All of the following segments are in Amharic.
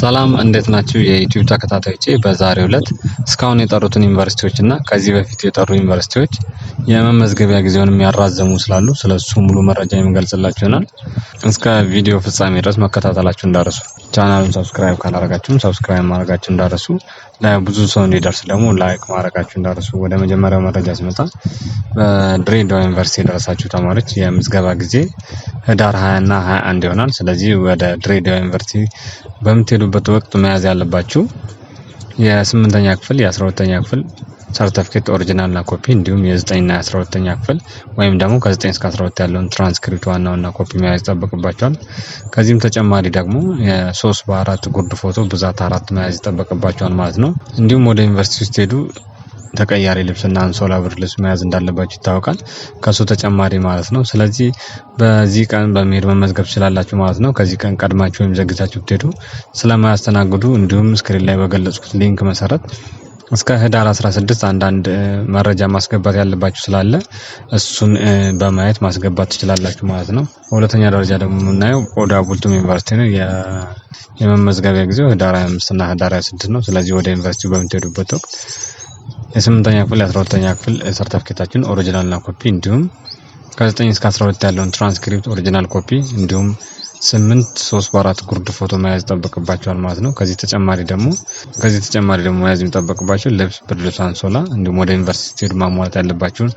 ሰላም እንዴት ናችሁ የዩቲዩብ ተከታታዮች በዛሬው እለት እስካሁን የጠሩትን ዩኒቨርሲቲዎች እና ከዚህ በፊት የጠሩ ዩኒቨርሲቲዎች የመመዝገቢያ ጊዜውን የሚያራዘሙ ስላሉ ስለሱ ሙሉ መረጃ የሚገልጽላችሁ ይሆናል። እስከ ቪዲዮ ፍጻሜ ድረስ መከታተላችሁ እንዳረሱ፣ ቻናሉን ሰብስክራይብ ካላረጋችሁም ሰብስክራይብ ማድረጋችሁ እንዳረሱ፣ ብዙ ሰው እንዲደርስ ደግሞ ላይክ ማድረጋችሁ እንዳረሱ። ወደ መጀመሪያው መረጃ ሲመጣ በድሬዳዋ ዩኒቨርሲቲ የደረሳችሁ ተማሪዎች የምዝገባ ጊዜ ህዳር 20 እና 21 ይሆናል። ስለዚህ ወደ ድሬዳዋ ዩኒቨርሲቲ በምት በምትሄዱበት ወቅት መያዝ ያለባችሁ የስምንተኛ ክፍል የአስራ ሁለተኛ ክፍል ሰርተፍኬት ኦሪጂናል ኮፒ እንዲሁም የዘጠኝ እና የአስራ ሁለተኛ ክፍል ወይም ደግሞ ከዘጠኝ እስከ አስራ ሁለት ያለውን ትራንስክሪፕት ዋና ዋና ኮፒ መያዝ ይጠበቅባቸዋል። ከዚህም ተጨማሪ ደግሞ የሶስት በአራት ጉርድ ፎቶ ብዛት አራት መያዝ ይጠበቅባቸዋል ማለት ነው። እንዲሁም ወደ ዩኒቨርሲቲ ስትሄዱ ተቀያሪ ልብስና አንሶላ ብርድ ልብስ መያዝ እንዳለባችሁ ይታወቃል። ከሱ ተጨማሪ ማለት ነው። ስለዚህ በዚህ ቀን በመሄድ መመዝገብ ትችላላችሁ ማለት ነው። ከዚህ ቀን ቀድማችሁ ወይም ዘግታችሁ ብትሄዱ ስለማያስተናግዱ፣ እንዲሁም ስክሪን ላይ በገለጽኩት ሊንክ መሰረት እስከ ህዳር 16 አንዳንድ መረጃ ማስገባት ያለባችሁ ስላለ እሱን በማየት ማስገባት ትችላላችሁ ማለት ነው። በሁለተኛ ደረጃ ደግሞ የምናየው ኦዳ ቡልቱም ዩኒቨርሲቲ ነው። የመመዝገቢያ ጊዜው ህዳር 25 እና ህዳር 26 ነው። ስለዚህ ወደ ዩኒቨርሲቲው በምትሄዱበት ወቅት የስምንተኛ ክፍል የአስራ ሁለተኛ ክፍል ሰርተፍኬታችን ኦሪጂናል ና ኮፒ እንዲሁም ከዘጠኝ እስከ አስራ ሁለት ያለውን ትራንስክሪፕት ኦሪጂናል ኮፒ እንዲሁም ስምንት ሶስት በአራት ጉርድ ፎቶ መያዝ ይጠበቅባቸዋል ማለት ነው። ከዚህ ተጨማሪ ደግሞ ከዚህ ተጨማሪ ደግሞ መያዝ የሚጠበቅባቸው ልብስ፣ ብርድ ልብስ፣ አንሶላ እንዲሁም ወደ ዩኒቨርሲቲ ማሟላት ያለባቸውን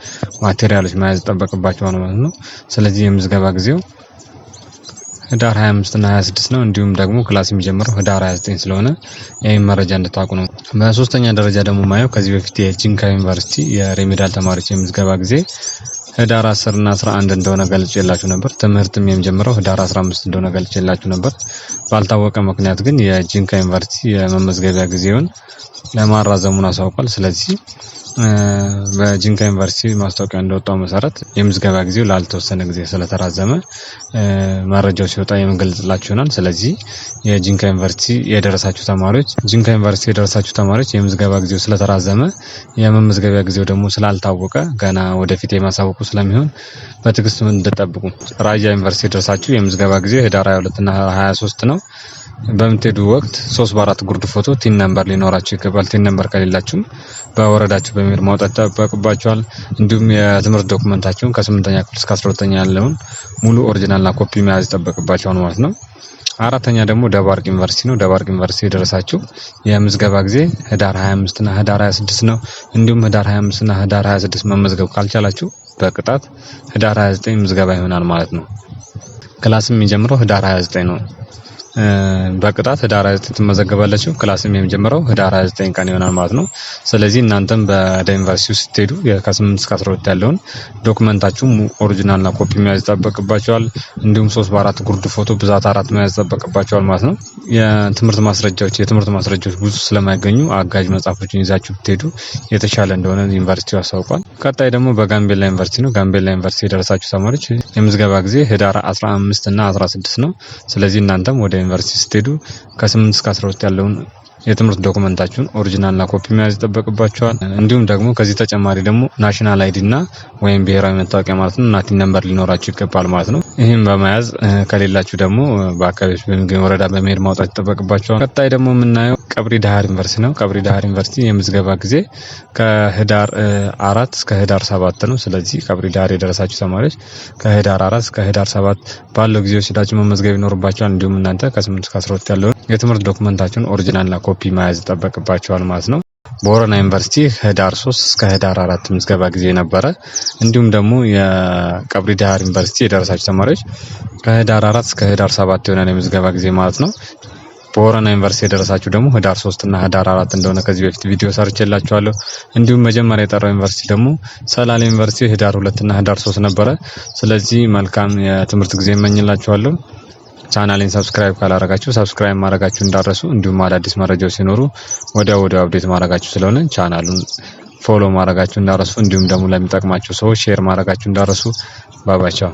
ማቴሪያሎች መያዝ ይጠበቅባቸዋል ማለት ነው። ስለዚህ የምዝገባ ጊዜው ህዳር 25 እና 26 ነው። እንዲሁም ደግሞ ክላስ የሚጀምረው ህዳር 29 ስለሆነ ይህም መረጃ እንድታውቁ ነው። በሶስተኛ ደረጃ ደግሞ ማየው ከዚህ በፊት የጂንካ ዩኒቨርሲቲ የሬሜዳል ተማሪዎች የምዝገባ ጊዜ ህዳር 10 እና 11 እንደሆነ ገልጬላችሁ ነበር። ትምህርትም የሚጀምረው ህዳር 15 እንደሆነ ገልጬላችሁ ነበር። ባልታወቀ ምክንያት ግን የጂንካ ዩኒቨርሲቲ የመመዝገቢያ ጊዜውን ለማራዘሙን አሳውቋል። ስለዚህ በጂንካ ዩኒቨርሲቲ ማስታወቂያ እንደወጣው መሰረት የምዝገባ ጊዜው ላልተወሰነ ጊዜ ስለተራዘመ መረጃው ሲወጣ የምንገልጽላችሁ ይሆናል። ስለዚህ የጂንካ ዩኒቨርሲቲ የደረሳችሁ ተማሪዎች ጂንካ ዩኒቨርሲቲ የደረሳችሁ ተማሪዎች የምዝገባ ጊዜው ስለተራዘመ የመመዝገቢያ ጊዜው ደግሞ ስላልታወቀ ገና ወደፊት የማሳወቁ ስለሚሆን በትዕግስት እንድጠብቁ። ራያ ዩኒቨርሲቲ የደረሳችሁ የምዝገባ ጊዜው ህዳር 22ና 23 ነው። በምትሄዱ ወቅት ሶስት በአራት ጉርድ ፎቶ ቲን ነምበር ሊኖራችሁ ይገባል። ቲን ነምበር ከሌላችሁም በወረዳቸው በመሄድ ማውጣት ይጠበቅባቸዋል። እንዲሁም የትምህርት ዶክመንታቸውን ከስምንተኛ ክፍል እስከ አስራ ሁለተኛ ያለውን ሙሉ ኦሪጅናል ኮፒ መያዝ ይጠበቅባቸዋል ማለት ነው። አራተኛ ደግሞ ደባርቅ ዩኒቨርሲቲ ነው። ደባርቅ ዩኒቨርሲቲ የደረሳችሁ የምዝገባ ጊዜ ህዳር 25 እና ህዳር 26 ነው። እንዲሁም ህዳር 25 እና ህዳር 26 መመዝገብ ካልቻላችሁ በቅጣት ህዳር 29 ምዝገባ ይሆናል ማለት ነው። ክላስም የሚጀምረው ህዳር 29 ነው። በቅጣት ህዳር 29 ትመዘገባለችው። ክላስም የሚጀምረው ህዳር 29 ቀን ይሆናል ማለት ነው። ስለዚህ እናንተም ዩኒቨርሲቲ ውስጥ ስትሄዱ ከ8 እስከ 12 ያለውን ዶክመንታችሁም ኦሪጂናልና ኮፒ መያዝ ይጠበቅባቸዋል። እንዲሁም 3 በአራት ጉርድ ፎቶ ብዛት አራት መያዝ ይጠበቅባቸዋል ማለት ነው። የትምህርት ማስረጃዎች የትምህርት ማስረጃዎች ብዙ ስለማይገኙ አጋዥ መጽሐፎችን ይዛችሁ ብትሄዱ የተሻለ እንደሆነ ዩኒቨርሲቲው አስታውቋል። ቀጣይ ደግሞ በጋምቤላ ዩኒቨርሲቲ ነው። ጋምቤላ ዩኒቨርሲቲ የደረሳችሁ ተማሪዎች የምዝገባ ጊዜ ህዳር 15 እና 16 ነው። ስለዚህ እናንተም ወደ ዩኒቨርሲቲ ስትሄዱ ከ8 እስከ 12 ያለውን የትምህርት ዶክመንታችሁን ኦሪጂናልና ኮፒ መያዝ ይጠበቅባችኋል። እንዲሁም ደግሞ ከዚህ ተጨማሪ ደግሞ ናሽናል አይዲ ወይም ብሔራዊ መታወቂያ ማለት ነው ናቲን ነንበር ሊኖራችሁ ይገባል ማለት ነው። ይህም በመያዝ ከሌላችሁ ደግሞ በአካባቢዎች በሚገኝ ወረዳ በመሄድ ማውጣት ይጠበቅባቸዋል። ቀጣይ ደግሞ የምናየው ቀብሪ ዳህር ዩኒቨርሲቲ ነው። ቀብሪ ዳህር ዩኒቨርሲቲ የምዝገባ ጊዜ ከህዳር አራት እስከ ህዳር ሰባት ነው። ስለዚህ ቀብሪ ዳህር የደረሳችሁ ተማሪዎች ከህዳር አራት እስከ ህዳር ሰባት ባለው ጊዜ ወስዳችሁ መመዝገብ ይኖርባቸዋል። እንዲሁም እናንተ ከስምንት እስከ አስራ ሁለት ያለውን የትምህርት ዶክመንታችሁን ኦሪጂናልና ኮፒ መያዝ ይጠበቅባቸዋል ማለት ነው። በወረና ዩኒቨርሲቲ ህዳር ሶስት እስከ ህዳር አራት ምዝገባ ጊዜ ነበረ። እንዲሁም ደግሞ የቀብሪ ዳህር ዩኒቨርሲቲ የደረሳቸው ተማሪዎች ከህዳር አራት እስከ ህዳር ሰባት የሆነ የምዝገባ ጊዜ ማለት ነው። በወረና ዩኒቨርሲቲ የደረሳችሁ ደግሞ ህዳር ሶስት እና ህዳር አራት እንደሆነ ከዚህ በፊት ቪዲዮ ሰርቼላችኋለሁ። እንዲሁም መጀመሪያ የጠራው ዩኒቨርሲቲ ደግሞ ሰላሌ ዩኒቨርሲቲ ህዳር ሁለት እና ህዳር ሶስት ነበረ። ስለዚህ መልካም የትምህርት ጊዜ እመኝላችኋለሁ። ቻናሌን ሰብስክራይብ ካላረጋችሁ ሰብስክራይብ ማድረጋችሁ እንዳረሱ፣ እንዲሁም አዳዲስ መረጃዎች ሲኖሩ ወደ ወደ አፕዴት ማድረጋችሁ ስለሆነ ቻናሉን ፎሎ ማድረጋችሁ እንዳረሱ፣ እንዲሁም ደግሞ ለሚጠቅማቸው ሰዎች ሼር ማድረጋችሁ እንዳረሱ። ባባቻው